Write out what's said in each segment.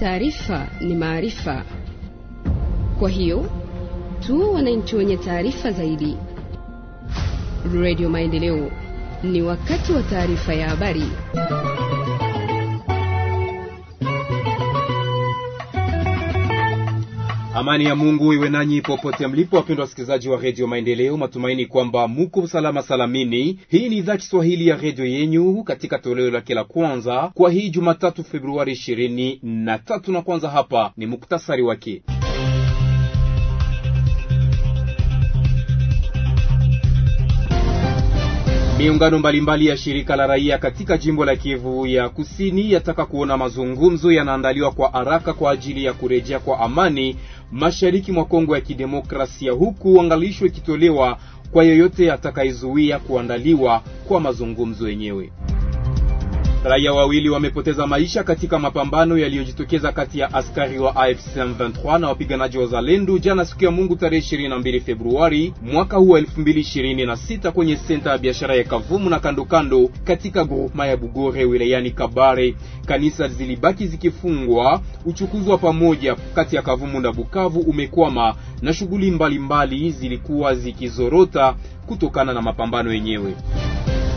Taarifa ni maarifa, kwa hiyo tuwe wananchi wenye taarifa zaidi. Radio Maendeleo, ni wakati wa taarifa ya habari. Amani ya Mungu iwe nanyi popote mlipo, wapendwa wasikilizaji wa redio Maendeleo. Matumaini kwamba muko salama salamini. Hii ni idhaa Kiswahili ya redio yenyu katika toleo lake la kwanza kwa hii Jumatatu Februari ishirini na tatu, na kwanza hapa ni muktasari wake. Miungano mbalimbali ya shirika la raia katika jimbo la Kivu ya Kusini yataka kuona mazungumzo yanaandaliwa kwa haraka kwa ajili ya kurejea kwa amani mashariki mwa Kongo ya Kidemokrasia, huku uangalisho ikitolewa kwa yeyote atakayezuia kuandaliwa kwa mazungumzo yenyewe. Raia wawili wamepoteza maisha katika mapambano yaliyojitokeza kati ya askari wa AFC M23 na wapiganaji wa Zalendo jana siku ya Mungu tarehe 22 Februari mwaka huu 2026 kwenye senta ya biashara ya Kavumu na kandokando katika groupema ya Bugore wilayani Kabare. Kanisa zilibaki zikifungwa. Uchukuzi wa pamoja kati ya Kavumu na Bukavu umekwama na shughuli mbalimbali zilikuwa zikizorota kutokana na mapambano yenyewe.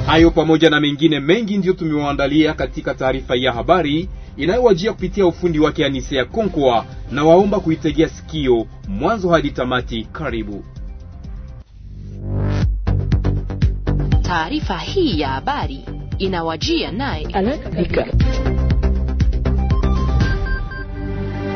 Hayo pamoja na mengine mengi ndiyo tumewaandalia katika taarifa ya habari inayowajia kupitia ufundi wake Anisea Konkwa, na waomba kuitegea sikio mwanzo hadi tamati. Karibu. Taarifa hii ya habari inawajia naye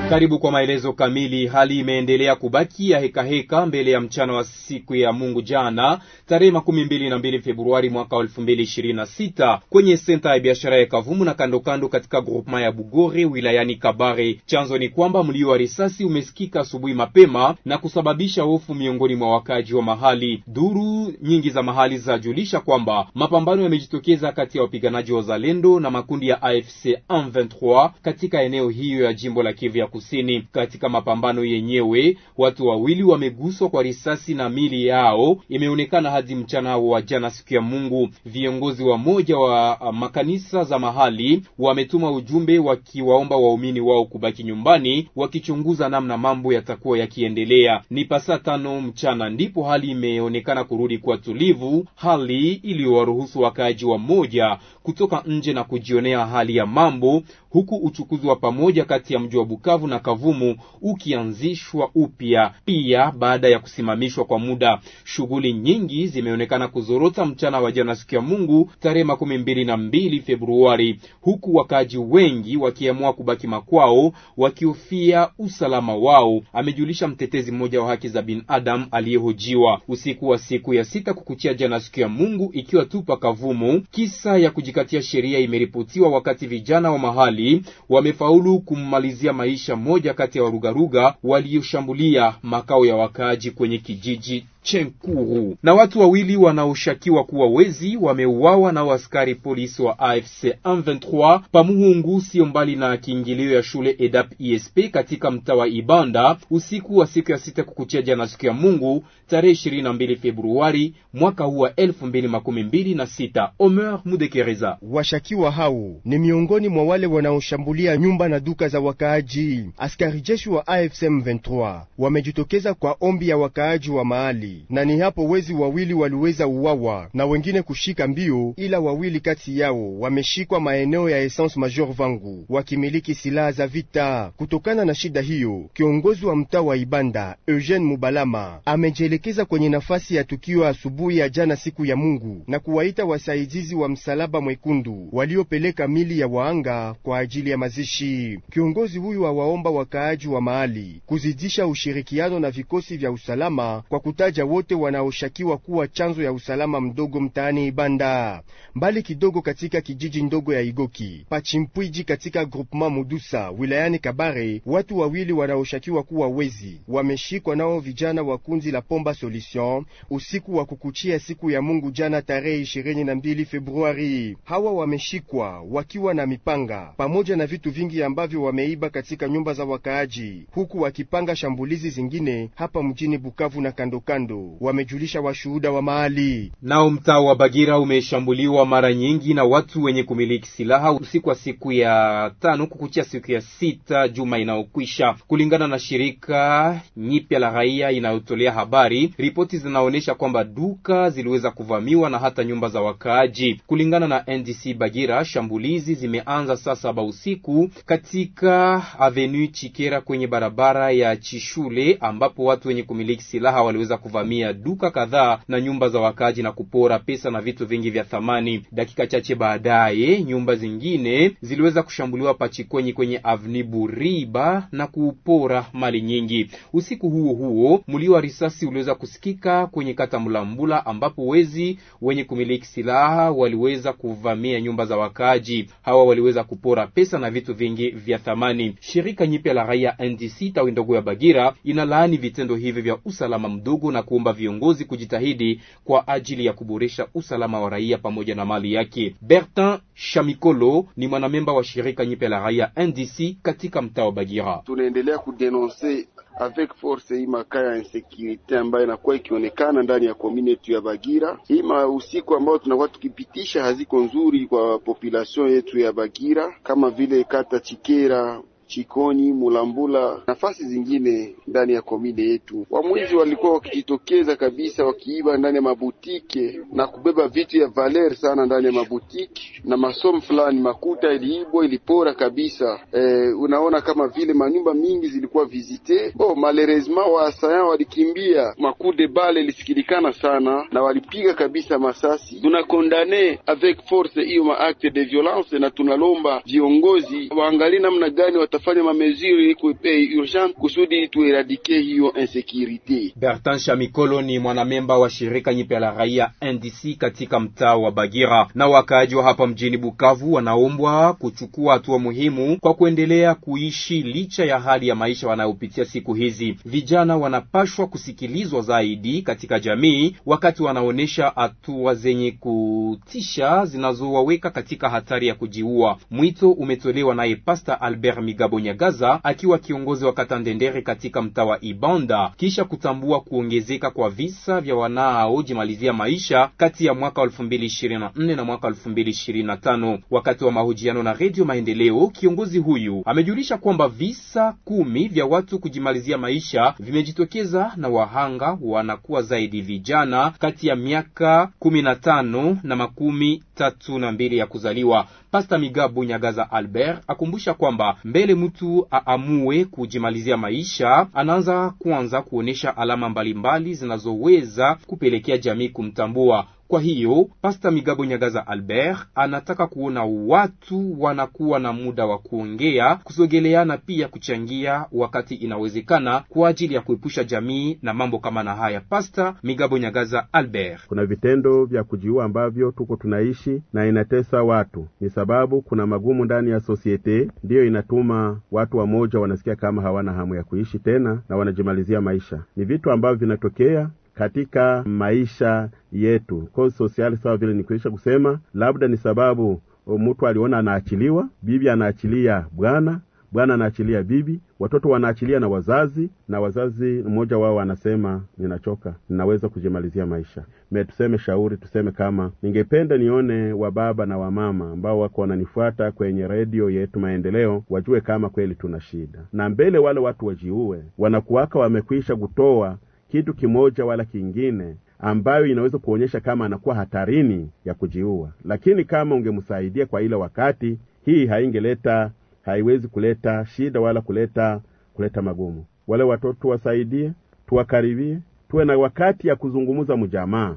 karibu kwa maelezo kamili. Hali imeendelea kubaki ya hekaheka heka mbele ya mchana wa siku ya Mungu jana tarehe makumi mbili na mbili Februari mwaka elfu mbili ishirini na sita kwenye senta ya biashara ya Kavumu na kandokando kando katika grupema ya Bugore wilayani Kabare. Chanzo ni kwamba mlio wa risasi umesikika asubuhi mapema na kusababisha hofu miongoni mwa wakaaji wa mahali. Duru nyingi za mahali zajulisha kwamba mapambano yamejitokeza kati ya wapiganaji wa Zalendo na makundi ya AFC M23 katika eneo hiyo ya jimbo la Kivu ya Kusini. Katika mapambano yenyewe watu wawili wameguswa kwa risasi na mili yao imeonekana hadi mchana wa jana siku ya Mungu. Viongozi wa moja wa uh, makanisa za mahali wametuma ujumbe wakiwaomba waumini wao kubaki nyumbani wakichunguza namna mambo yatakuwa yakiendelea. Ni pasaa tano mchana ndipo hali imeonekana kurudi kwa tulivu, hali iliyowaruhusu wakaaji wa moja kutoka nje na kujionea hali ya mambo, huku uchukuzi wa pamoja kati ya mji wa Bukavu Bukavu na Kavumu ukianzishwa upya pia baada ya kusimamishwa kwa muda. Shughuli nyingi zimeonekana kuzorota mchana wa jana siku ya Mungu tarehe makumi mbili na mbili Februari, huku wakaaji wengi wakiamua kubaki makwao wakihofia usalama wao, amejulisha mtetezi mmoja wa haki za binadamu aliyehojiwa usiku wa siku ya sita kukuchia jana siku ya Mungu ikiwa tupa Kavumu. Kisa ya kujikatia sheria imeripotiwa wakati vijana wa mahali wamefaulu kummalizia maisha mmoja kati ya warugaruga walioshambulia makao ya wakaaji kwenye kijiji Chenkuru na watu wawili wanaoshakiwa kuwa wezi wameuawa na askari polisi wa AFC M23 pamuhungu, sio mbali na kiingilio ya shule EDAP ESP katika mtaa wa Ibanda usiku wa siku ya sita kukuchia jana, siku ya Mungu tarehe 22 Februari mwaka huu wa 2026. Omer Mudekereza. Washakiwa hao ni miongoni mwa wale wanaoshambulia nyumba na duka za wakaaji. Askari jeshi wa AFC M23 wamejitokeza kwa ombi ya wakaaji wa mahali na ni hapo wezi wawili waliweza uwawa na wengine kushika mbio, ila wawili kati yao wameshikwa maeneo ya Essence Major Vangu wakimiliki silaha za vita. Kutokana na shida hiyo, kiongozi wa mtaa wa Ibanda Eugene Mubalama amejielekeza kwenye nafasi ya tukio asubuhi ya jana siku ya Mungu na kuwaita wasaidizi wa Msalaba Mwekundu waliopeleka mili ya waanga kwa ajili ya mazishi. Kiongozi huyu awaomba wakaaji wa mahali kuzidisha ushirikiano na vikosi vya usalama kwa kutaja cha wote wanaoshakiwa kuwa chanzo ya usalama mdogo mtaani Ibanda, mbali kidogo katika kijiji ndogo ya Igoki Pachimpwiji katika groupema Mudusa wilayani Kabare. Watu wawili wanaoshakiwa kuwa wezi wameshikwa nao vijana wa kundi la Pomba Solution usiku wa kukuchia siku ya Mungu jana tarehe 22 Februari. Hawa wameshikwa wakiwa na mipanga pamoja na vitu vingi ambavyo wameiba katika nyumba za wakaaji, huku wakipanga shambulizi zingine hapa mjini Bukavu na kandokando kando vitendo, wamejulisha washuhuda wa mahali. Nao mtaa wa Bagira umeshambuliwa mara nyingi na watu wenye kumiliki silaha usiku wa siku ya tano kukuchia siku ya sita juma inayokwisha, kulingana na shirika nyipya la raia inayotolea habari. Ripoti zinaonyesha kwamba duka ziliweza kuvamiwa na hata nyumba za wakaaji. Kulingana na NDC Bagira, shambulizi zimeanza saa saba usiku katika avenue Chikera kwenye barabara ya Chishule ambapo watu wenye kumiliki silaha waliweza kuvamiwa kuvamia duka kadhaa na nyumba za wakaaji na kupora pesa na vitu vingi vya thamani. Dakika chache baadaye, nyumba zingine ziliweza kushambuliwa Pachikwenyi kwenye avni Buriba na kupora mali nyingi. Usiku huo huo, mlio wa risasi uliweza kusikika kwenye kata Mlambula, ambapo wezi wenye kumiliki silaha waliweza kuvamia nyumba za wakaji Hawa waliweza kupora pesa na vitu vingi vya thamani. Shirika nyipya la raia NDC tawi ndogo ya Bagira inalaani vitendo hivi vya usalama mdogo na ku kuomba viongozi kujitahidi kwa ajili ya kuboresha usalama wa raia pamoja na mali yake. Bertin Shamikolo ni mwanamemba wa shirika nyipe la raia NDC katika mtaa wa Bagira. Tunaendelea kudenonse avec force hii makaya ya insecurity ambayo inakuwa ikionekana ndani ya komini yetu ya Bagira. Hii mausiku ambayo tunakuwa tukipitisha haziko nzuri kwa population yetu ya Bagira, kama vile kata Chikera Chikoni, Mulambula, nafasi zingine ndani ya komine yetu. Wamwizi walikuwa wakijitokeza kabisa, wakiiba ndani ya mabutike na kubeba vitu ya valer sana ndani ya mabutike na masomo fulani, makuta iliibwa ilipora kabisa. E, unaona kama vile manyumba mingi zilikuwa visite bo oh, malerezma, waasayan walikimbia, makude bale ilisikilikana sana na walipiga kabisa masasi. Tunakondane avec force hiyo maakte de violence na tunalomba viongozi waangalie namna gani watafanya mamezuri ili kuepei kusudi tueradike hiyo insecurity. Bertrand Shamikolo ni mwanamemba wa shirika nyipya la raia NDC katika mtaa wa Bagira, na wakaaji wa hapa mjini Bukavu wanaombwa kuchukua hatua muhimu kwa kuendelea kuishi licha ya hali ya maisha wanayopitia siku hizi. Vijana wanapashwa kusikilizwa zaidi katika jamii wakati wanaonyesha hatua zenye kutisha zinazowaweka katika hatari ya kujiua. Mwito umetolewa naye Pastor Albert Miga Gabonyagaza akiwa kiongozi wa kata Ndendere katika mtaa wa Ibanda kisha kutambua kuongezeka kwa visa vya wanaojimalizia maisha kati ya mwaka 2024 na mwaka 2025. Wakati wa mahojiano na Redio Maendeleo, kiongozi huyu amejulisha kwamba visa kumi vya watu kujimalizia maisha vimejitokeza na wahanga wanakuwa zaidi vijana kati ya miaka 15 na makumi tatu na mbili ya kuzaliwa. Pasta Migabu Nyagaza Albert akumbusha kwamba mbele mtu aamue kujimalizia maisha, anaanza kwanza kuonyesha alama mbalimbali zinazoweza kupelekea jamii kumtambua. Kwa hiyo Pasta Migabo Nyagaza Albert anataka kuona watu wanakuwa na muda wa kuongea, kusogeleana, pia kuchangia wakati inawezekana, kwa ajili ya kuepusha jamii na mambo kama na haya. Pasta Migabo Nyagaza Albert: kuna vitendo vya kujiua ambavyo tuko tunaishi na inatesa watu, ni sababu kuna magumu ndani ya sosiete, ndiyo inatuma watu wamoja wanasikia kama hawana hamu ya kuishi tena na wanajimalizia maisha. Ni vitu ambavyo vinatokea katika maisha yetu. Cause social sawa vile nikuisha kusema, labda ni sababu oh, mtu aliona anaachiliwa, bibi anaachilia bwana, bwana anaachilia bibi, watoto wanaachilia na wazazi, na wazazi mmoja wao anasema ninachoka, ninaweza kujimalizia maisha. Me tuseme shauri, tuseme kama ningependa nione wababa na wamama ambao wako wananifuata kwenye redio yetu Maendeleo wajue kama kweli tuna shida, na mbele wale watu wajiue, wanakuwaka wamekwisha kutoa kitu kimoja wala kingine ambayo inaweza kuonyesha kama anakuwa hatarini ya kujiua. Lakini kama ungemsaidia kwa ile wakati, hii haingeleta haiwezi kuleta shida wala kuleta kuleta magumu. Wale watoto tuwasaidie, tuwakaribie, tuwe na wakati ya kuzungumza mjamaa,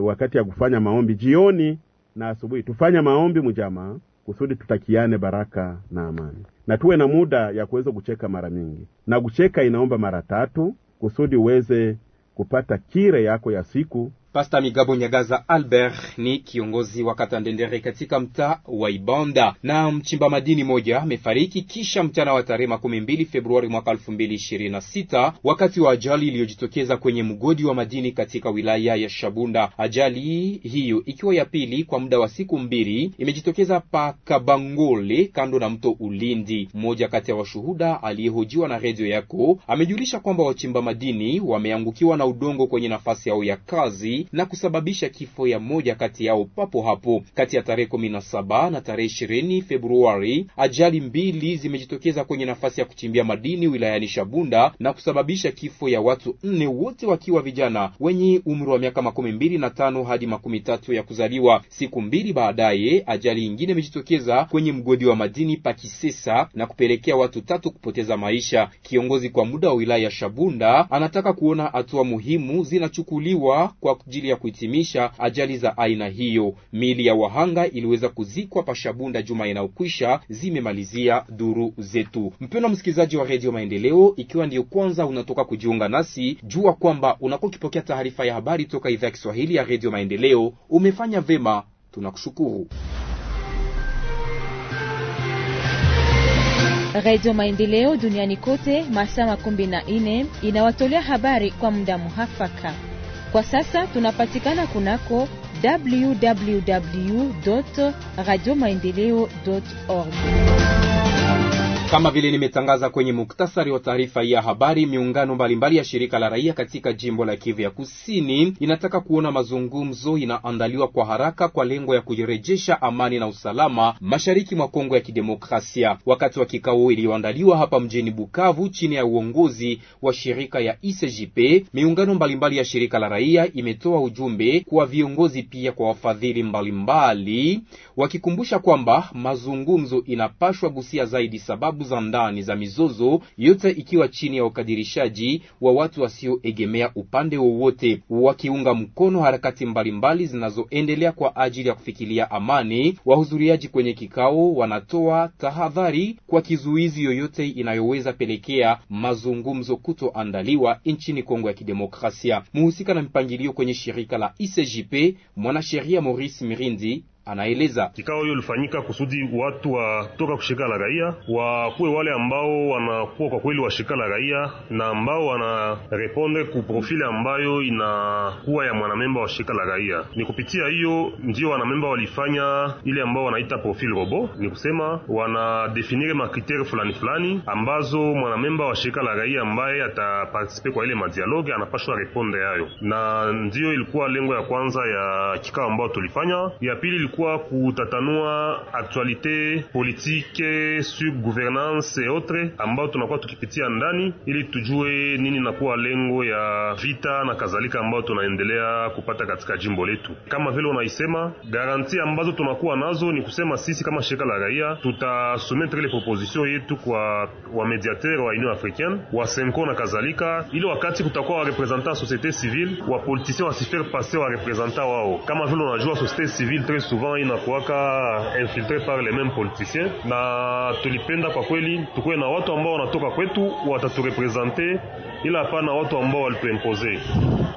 wakati ya kufanya maombi jioni na asubuhi. Tufanye maombi mjamaa kusudi tutakiane baraka na amani, na tuwe na muda ya kuweza kucheka mara mingi, na kucheka inaomba mara tatu kusudi uweze kupata kire yako ya siku Pasta Migabo Nyagaza Albert ni kiongozi wa kata Ndendere katika mtaa wa Ibanda. Na mchimba madini moja amefariki kisha mchana wa tarehe makumi mbili Februari mwaka elfu mbili ishirini na sita wakati wa ajali iliyojitokeza kwenye mgodi wa madini katika wilaya ya Shabunda. Ajali hiyo ikiwa ya pili kwa muda wa siku mbili imejitokeza pa Kabangole kando na mto Ulindi. Mmoja kati ya washuhuda aliyehojiwa na redio yako amejulisha kwamba wachimba madini wameangukiwa na udongo kwenye nafasi yao ya kazi na kusababisha kifo ya moja kati yao papo hapo. Kati ya tarehe kumi na saba na tarehe ishirini Februari, ajali mbili zimejitokeza kwenye nafasi ya kuchimbia madini wilayani Shabunda na kusababisha kifo ya watu nne, wote wakiwa vijana wenye umri wa miaka makumi mbili na tano hadi makumi tatu ya kuzaliwa. Siku mbili baadaye, ajali ingine imejitokeza kwenye mgodi wa madini Pakisesa na kupelekea watu tatu kupoteza maisha. Kiongozi kwa muda wa wilaya ya Shabunda anataka kuona hatua muhimu zinachukuliwa kwa ajili ya kuhitimisha ajali za aina hiyo. Miili ya wahanga iliweza kuzikwa Pashabunda juma inayokwisha, zimemalizia duru zetu. Mpendwa msikilizaji wa Redio Maendeleo, ikiwa ndiyo kwanza unatoka kujiunga nasi, jua kwamba unakuwa ukipokea taarifa ya habari toka idhaa ya Kiswahili ya Redio Maendeleo. Umefanya vema, tunakushukuru. Redio Maendeleo duniani kote masaa makumi na nne inawatolea habari kwa muda muhafaka. Kwa sasa tunapatikana kunako www radio maendeleo org. Kama vile nimetangaza kwenye muktasari wa taarifa ya habari, miungano mbalimbali ya shirika la raia katika jimbo la Kivu ya Kusini inataka kuona mazungumzo inaandaliwa kwa haraka kwa lengo ya kurejesha amani na usalama mashariki mwa Kongo ya Kidemokrasia. Wakati wa kikao iliyoandaliwa hapa mjini Bukavu chini ya uongozi wa shirika ya ICJP, miungano mbalimbali ya shirika la raia imetoa ujumbe kwa viongozi pia kwa wafadhili mbalimbali, wakikumbusha kwamba mazungumzo inapashwa gusia zaidi sababu sababu za ndani za mizozo yote, ikiwa chini ya ukadirishaji wa watu wasioegemea upande wowote, wakiunga mkono harakati mbalimbali zinazoendelea kwa ajili ya kufikilia amani. Wahudhuriaji kwenye kikao wanatoa tahadhari kwa kizuizi yoyote inayoweza pelekea mazungumzo kutoandaliwa nchini Kongo ya Kidemokrasia. Muhusika na mipangilio kwenye shirika la ICJP mwanasheria Maurice Mirindi anaeleza kikao hiyo ilifanyika kusudi watu watoka kushirika la raia wakuwe wale ambao wanakuwa kwa kweli wa la raia na ambao wanarepondre ku profili ambayo inakuwa ya mwanamemba wa shirika la raia. Ni kupitia hiyo ndio wanamemba walifanya ile ambao wanaita profil robo, ni kusema wanadefinire makriteri fulani fulani ambazo mwanamemba wa shirika la raia ambaye atapartisipe kwa ile madialoge anapashwa reponde yayo, na ndiyo ilikuwa lengo ya kwanza ya kikao ambao tulifanya. Ya pili kwa kutatanua aktualite politike, sur gouvernance et autres ambao tunakuwa tukipitia ndani, ili tujue nini nakuwa lengo ya vita na kadhalika ambao tunaendelea kupata katika jimbo letu. Kama vile unaisema, garanti ambazo tunakuwa nazo ni kusema sisi kama shirika la raia tutasumetre ile proposition yetu kwa wamediateur wa Union Africaine wa Senko na kadhalika, ili wakati kutakuwa warepresentant wa societe civile, wapolitisien wasifere pase warepresentant wao, kama vile unajua societe civile très souvent inakuwaka infiltré par les mêmes politiciens, na tulipenda kwa kweli tukuwe na watu ambao wanatoka kwetu wataturepresente ila hapana watu ambao walituimpose.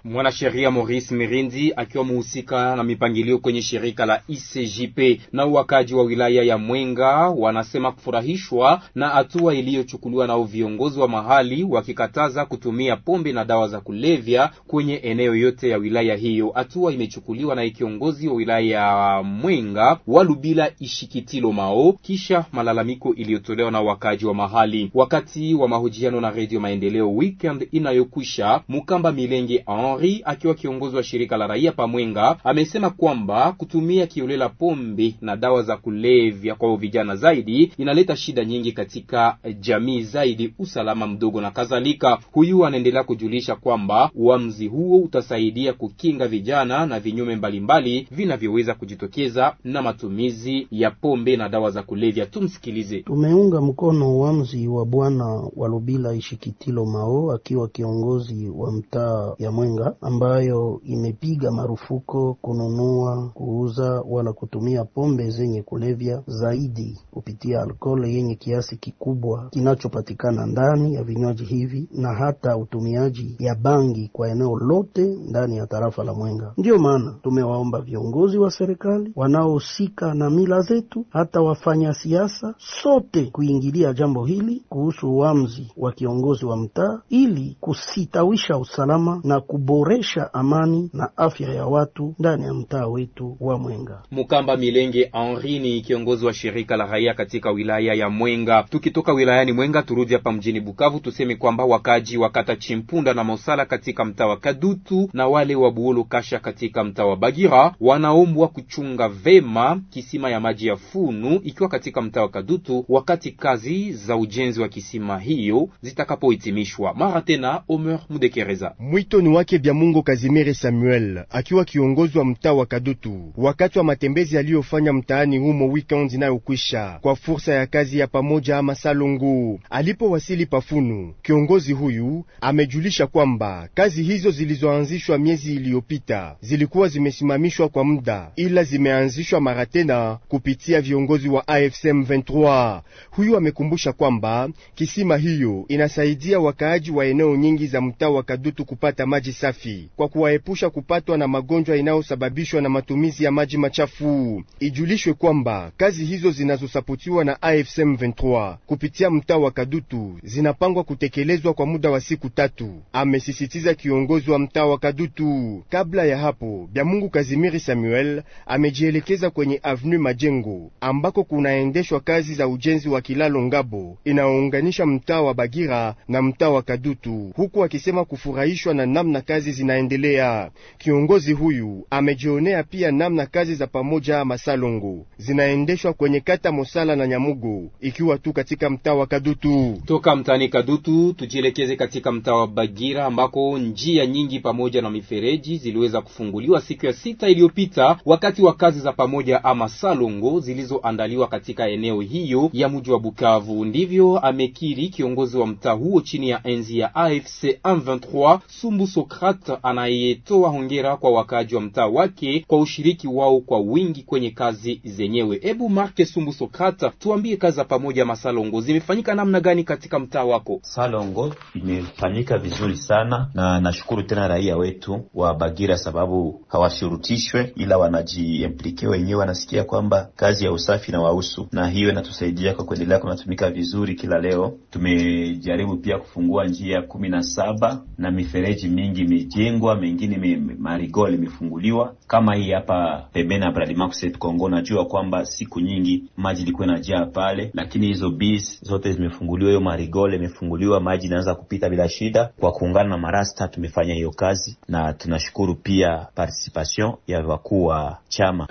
Mwanasheria Maurice Mirindi akiwa muhusika na mipangilio kwenye shirika la ICJP na wakaji wa wilaya ya Mwenga wanasema kufurahishwa na hatua iliyochukuliwa nao viongozi wa mahali wakikataza kutumia pombe na dawa za kulevya kwenye eneo yote ya wilaya hiyo. Hatua imechukuliwa na kiongozi wa wilaya ya Mwenga Walubila Ishikitilo Mao kisha malalamiko iliyotolewa na wakaji wa mahali wakati wa mahojiano na Radio Maendeleo wiki weekend inayokwisha, Mukamba Milenge Henri akiwa kiongozi wa shirika la raia Pamwenga amesema kwamba kutumia kiolela pombe na dawa za kulevya kwa vijana zaidi inaleta shida nyingi katika jamii, zaidi usalama mdogo na kadhalika. Huyu anaendelea kujulisha kwamba uamuzi huo utasaidia kukinga vijana na vinyume mbalimbali vinavyoweza kujitokeza na matumizi ya pombe na dawa za kulevya. Tumsikilize. Tumeunga mkono uamuzi wa bwana Walubila Ishikitilo Mao akiwa kiongozi wa mtaa ya Mwenga, ambayo imepiga marufuku kununua, kuuza wala kutumia pombe zenye kulevya zaidi kupitia alkoholi yenye kiasi kikubwa kinachopatikana ndani ya vinywaji hivi na hata utumiaji ya bangi kwa eneo lote ndani ya tarafa la Mwenga. Ndiyo maana tumewaomba viongozi wa serikali wanaohusika na mila zetu, hata wafanya siasa, sote kuingilia jambo hili kuhusu uamuzi wa kiongozi wa mtaa ili ili kusitawisha usalama na kuboresha amani na afya ya watu ndani ya mtaa wetu wa Mwenga. Mukamba Milenge Henri ni kiongozi wa shirika la raia katika wilaya ya Mwenga. Tukitoka wilayani Mwenga turudi hapa mjini Bukavu, tuseme kwamba wakaji wa kata Chimpunda na Mosala katika mtaa wa Kadutu na wale wa Buolo Kasha katika mtaa wa Bagira wanaombwa kuchunga vema kisima ya maji ya Funu ikiwa katika mtaa wa Kadutu wakati kazi za ujenzi wa kisima hiyo zitakapohitimishwa mara tena Omer Mudekereza. Mwito ni wake vya Mungu Kazimiri Samuel akiwa kiongozi wa mtaa wa Kadutu wakati wa matembezi aliyofanya mtaani humo weekend inayokwisha kwa fursa ya kazi ya pamoja ama salongo. Alipowasili Pafunu, kiongozi huyu amejulisha kwamba kazi hizo zilizoanzishwa miezi iliyopita zilikuwa zimesimamishwa kwa muda, ila zimeanzishwa mara tena kupitia viongozi wa AFSM 23. Huyu amekumbusha kwamba kisima hiyo inasaidia wakaaji wa eneo nyingi za mtaa wa Kadutu kupata maji safi kwa kuwaepusha kupatwa na magonjwa inayosababishwa na matumizi ya maji machafu. Ijulishwe kwamba kazi hizo zinazosapotiwa na AFC M23 kupitia mtaa wa Kadutu zinapangwa kutekelezwa kwa muda wa siku tatu, amesisitiza kiongozi wa mtaa wa Kadutu. Kabla ya hapo, Byamungu Kazimiri Samuel amejielekeza kwenye Avenue Majengo ambako kunaendeshwa kazi za ujenzi wa kilalo Ngabo inaounganisha mtaa wa Bagira na mtaa wa Kadutu yetu, huku akisema kufurahishwa na namna kazi zinaendelea. Kiongozi huyu amejionea pia namna kazi za pamoja masalongo zinaendeshwa kwenye kata Mosala na Nyamugo, ikiwa tu katika mtaa wa Kadutu. Toka mtaani Kadutu tujielekeze katika mtaa wa Bagira ambako njia nyingi pamoja na mifereji ziliweza kufunguliwa siku ya sita iliyopita wakati wa kazi za pamoja ama salongo zilizoandaliwa katika eneo hiyo ya mji wa Bukavu. Ndivyo amekiri kiongozi wa mtaa huo chini ya enzi ya AFC M23 Sumbu sokrate anayetoa hongera kwa wakaaji wa mtaa wake kwa ushiriki wao kwa wingi kwenye kazi zenyewe. Hebu Marke Sumbu sokrate tuambie kazi za pamoja Masalongo zimefanyika namna gani katika mtaa wako? Salongo imefanyika vizuri sana, na nashukuru tena raia wetu wa Bagira sababu hawashurutishwe, ila wanajiimplike wenyewe, wanasikia kwamba kazi ya usafi na wausu na hiyo inatusaidia kwa kuendelea kunatumika vizuri kila leo. Tumejaribu pia kufungua njia ya kumi na saba na mifereji mingi imejengwa, mengine marigoli imefunguliwa. Kama hii hapa pembeni ya Bradimaxet Kongo, najua kwamba siku nyingi maji ilikuwa inajaa pale, lakini hizo bis zote zimefunguliwa, hiyo marigoli imefunguliwa, maji inaanza kupita bila shida. Kwa kuungana na marasta tumefanya hiyo kazi, na tunashukuru pia participation ya wakuu wa chama.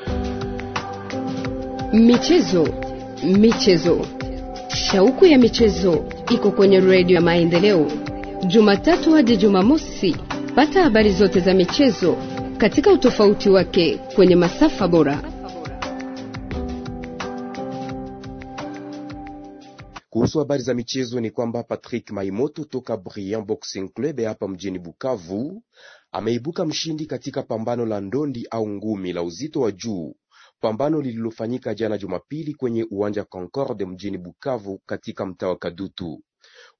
Michezo, michezo, shauku ya michezo iko kwenye redio ya Maendeleo. Jumatatu hadi Jumamosi. Pata habari zote za michezo katika utofauti wake kwenye masafa bora. Kuhusu habari za michezo ni kwamba Patrick Maimoto toka Brian Boxing Club hapa mjini Bukavu ameibuka mshindi katika pambano la ndondi au ngumi la uzito wa juu, pambano lililofanyika jana Jumapili kwenye uwanja Concorde mjini Bukavu katika mtaa wa Kadutu.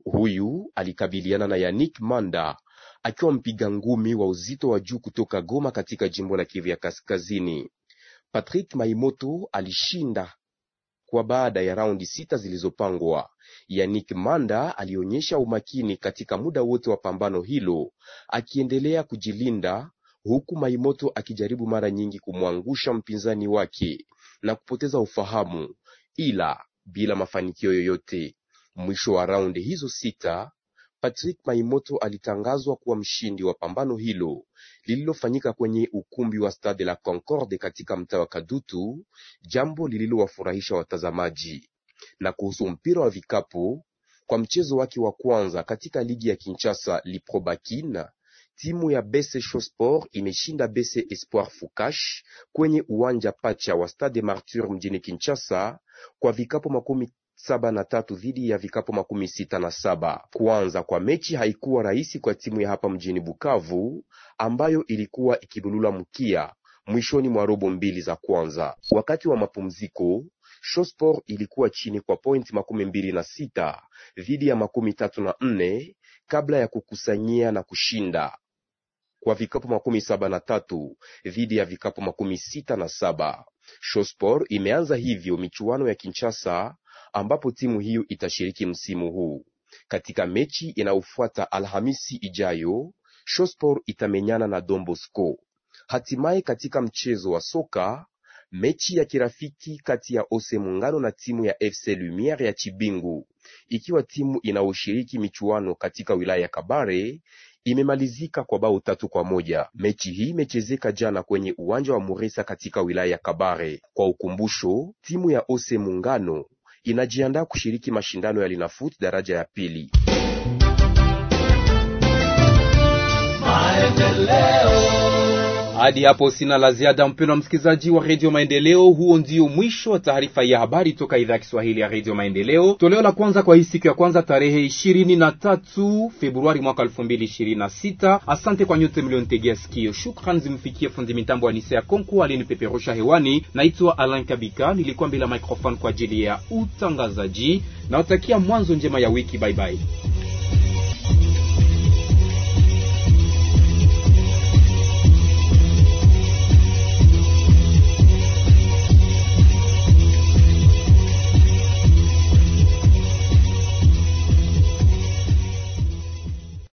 Huyu alikabiliana na Yannick Manda akiwa mpiga ngumi wa uzito wa juu kutoka Goma katika jimbo la Kivu ya Kaskazini. Patrick Maimoto alishinda kwa baada ya raundi sita zilizopangwa. Yannick Manda alionyesha umakini katika muda wote wa pambano hilo, akiendelea kujilinda huku Maimoto akijaribu mara nyingi kumwangusha mpinzani wake na kupoteza ufahamu, ila bila mafanikio yoyote. Mwisho wa raundi hizo sita, Patrick Maimoto alitangazwa kuwa mshindi wa pambano hilo lililofanyika kwenye ukumbi wa Stade la Concorde katika mtaa wa Kadutu, jambo lililowafurahisha watazamaji. Na kuhusu mpira wa vikapu, kwa mchezo wake wa kwanza katika ligi ya Kinshasa Liprobakina, timu ya bese Shosport imeshinda bese Espoir Fukash kwenye uwanja pacha wa Stade Martyr mjini Kinshasa kwa vikapu makumi saba na tatu dhidi ya vikapo makumi sita na saba. Kuanza kwa mechi haikuwa rahisi kwa timu ya hapa mjini Bukavu ambayo ilikuwa ikidulula mkia mwishoni mwa robo mbili za kwanza. Wakati wa mapumziko shospor ilikuwa chini kwa point makumi mbili na sita dhidi ya makumi tatu na nne kabla ya kukusanyia na kushinda kwa vikapo makumi saba na tatu dhidi ya vikapo makumi sita na saba. Shospor imeanza hivyo michuano ya Kinshasa ambapo timu hiyo itashiriki msimu huu. Katika mechi inayofuata Alhamisi ijayo, Shospor itamenyana na Dombosco. Hatimaye katika mchezo wa soka mechi ya kirafiki kati ya Ose Muungano na timu ya FC Lumiere ya Chibingu, ikiwa timu inayoshiriki michuano katika wilaya ya Kabare imemalizika kwa bao tatu kwa moja. Mechi hii imechezeka jana kwenye uwanja wa Muresa katika wilaya ya Kabare. Kwa ukumbusho, timu ya Ose Muungano inajiandaa kushiriki mashindano ya daraja ya pili. Maendeleo. Hadi hapo sina la ziada, mpendwa msikilizaji wa redio Maendeleo. Huo ndio mwisho wa taarifa ya habari toka idhaa ya Kiswahili ya redio Maendeleo, toleo la kwanza kwa hii siku ya kwanza tarehe 23 Februari mwaka 2026. Asante kwa nyote mlionitegea sikio. Shukran zimfikie fundi mitambo wa ya Konko alinipeperusha hewani. Naitwa Alan Kabika, nilikuwa bila microphone kwa ajili ya utangazaji. Nawatakia mwanzo njema ya wiki. Bye bye.